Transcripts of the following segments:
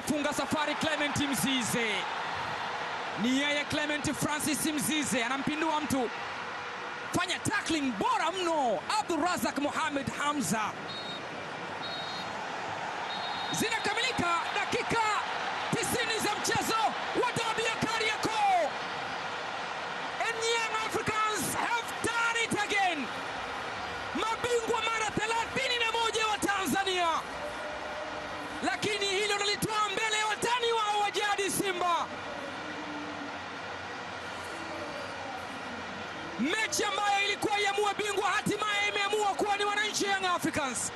anafunga safari Clement Mzize. Ni yeye Clement Francis Mzize anampindua mtu, fanya tackling bora mno, Abdurazak Mohamed Hamza. Zinakamilika dakika mechi ambayo ilikuwa iamue bingwa hatimaye imeamua kuwa ni wananchi Young Africans.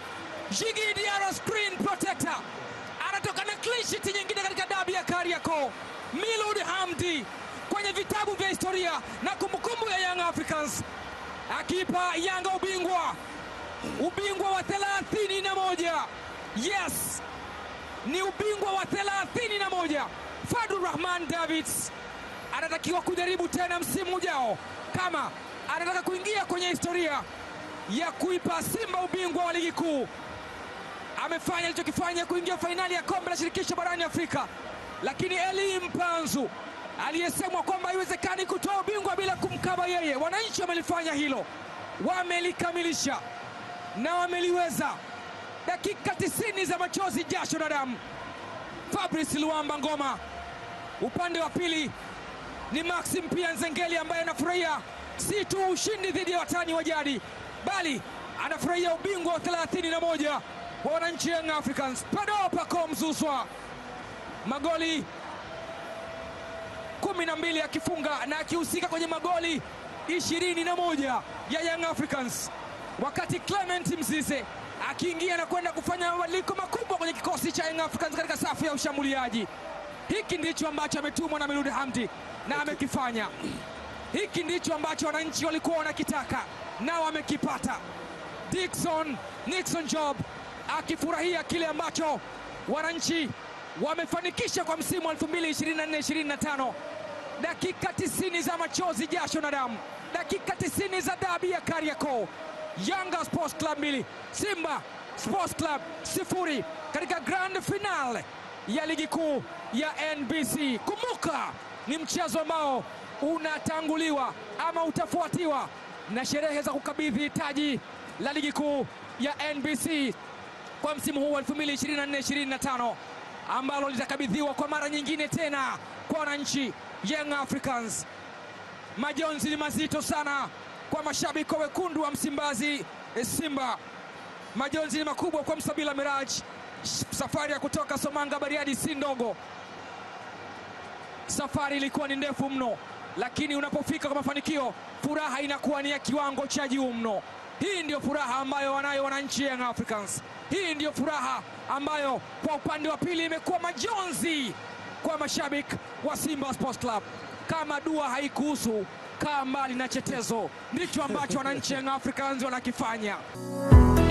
Jigi Diarra screen protector anatoka na clean sheet nyingine katika dabi ya Kariakoo. Milud Hamdi kwenye vitabu vya historia na kumbukumbu ya Young Africans akipa Yanga ubingwa, ubingwa wa thelathini na moja. Yes, ni ubingwa wa thelathini na moja. Fadlu Rahman Davids anatakiwa kujaribu tena msimu ujao kama anataka kuingia kwenye historia ya kuipa Simba ubingwa wa ligi kuu. Amefanya alichokifanya kuingia fainali ya kombe la shirikisho barani Afrika, lakini Eli Mpanzu aliyesemwa kwamba haiwezekani kutoa ubingwa bila kumkaba yeye, wananchi wamelifanya hilo, wamelikamilisha na wameliweza. Dakika tisini za machozi, jasho na damu. Fabrice Luamba Ngoma upande wa pili ni Maxim pia Nzengeli ambaye anafurahia si tu ushindi dhidi ya watani wa jadi, bali anafurahia ubingwa wa 31 wa wananchi Young Africans. Pado Pacome Zouzoua magoli kumi na mbili akifunga na akihusika kwenye magoli ishirini na moja ya Young Africans, wakati Clement Mzize akiingia na kwenda kufanya mabadiliko makubwa kwenye kikosi cha Young Africans katika safu ya ushambuliaji. Hiki ndicho ambacho ametumwa na Milud Hamdi na amekifanya. Hiki ndicho ambacho wananchi walikuwa wanakitaka na wamekipata. Dickson Nixon Job akifurahia kile ambacho wananchi wamefanikisha kwa msimu 2024-2025. Dakika 90 za machozi, jasho na damu, dakika 90 za dabi ya Kariakoo. Yanga Sports Club 2 Simba Sports Club sifuri katika grand finale ya ligi kuu ya NBC. Kumbuka ni mchezo ambao unatanguliwa ama utafuatiwa na sherehe za kukabidhi taji la ligi kuu ya NBC kwa msimu huu wa 2024-2025 ambalo litakabidhiwa kwa mara nyingine tena kwa wananchi Young Africans. Majonzi ni mazito sana kwa mashabiki wa wekundu wa Msimbazi Simba. Majonzi ni makubwa kwa Msabila Miraj Safari ya kutoka Somanga Bariadi si ndogo, safari ilikuwa ni ndefu mno, lakini unapofika kwa mafanikio furaha inakuwa ni ya kiwango cha juu mno. Hii ndiyo furaha ambayo wanayo wananchi Young Africans. Hii ndiyo furaha ambayo kwa upande wa pili imekuwa majonzi kwa mashabiki wa Simba Sports Club. Kama dua haikuhusu, kaa mbali na chetezo, ndicho ambacho wananchi Young Africans wanakifanya.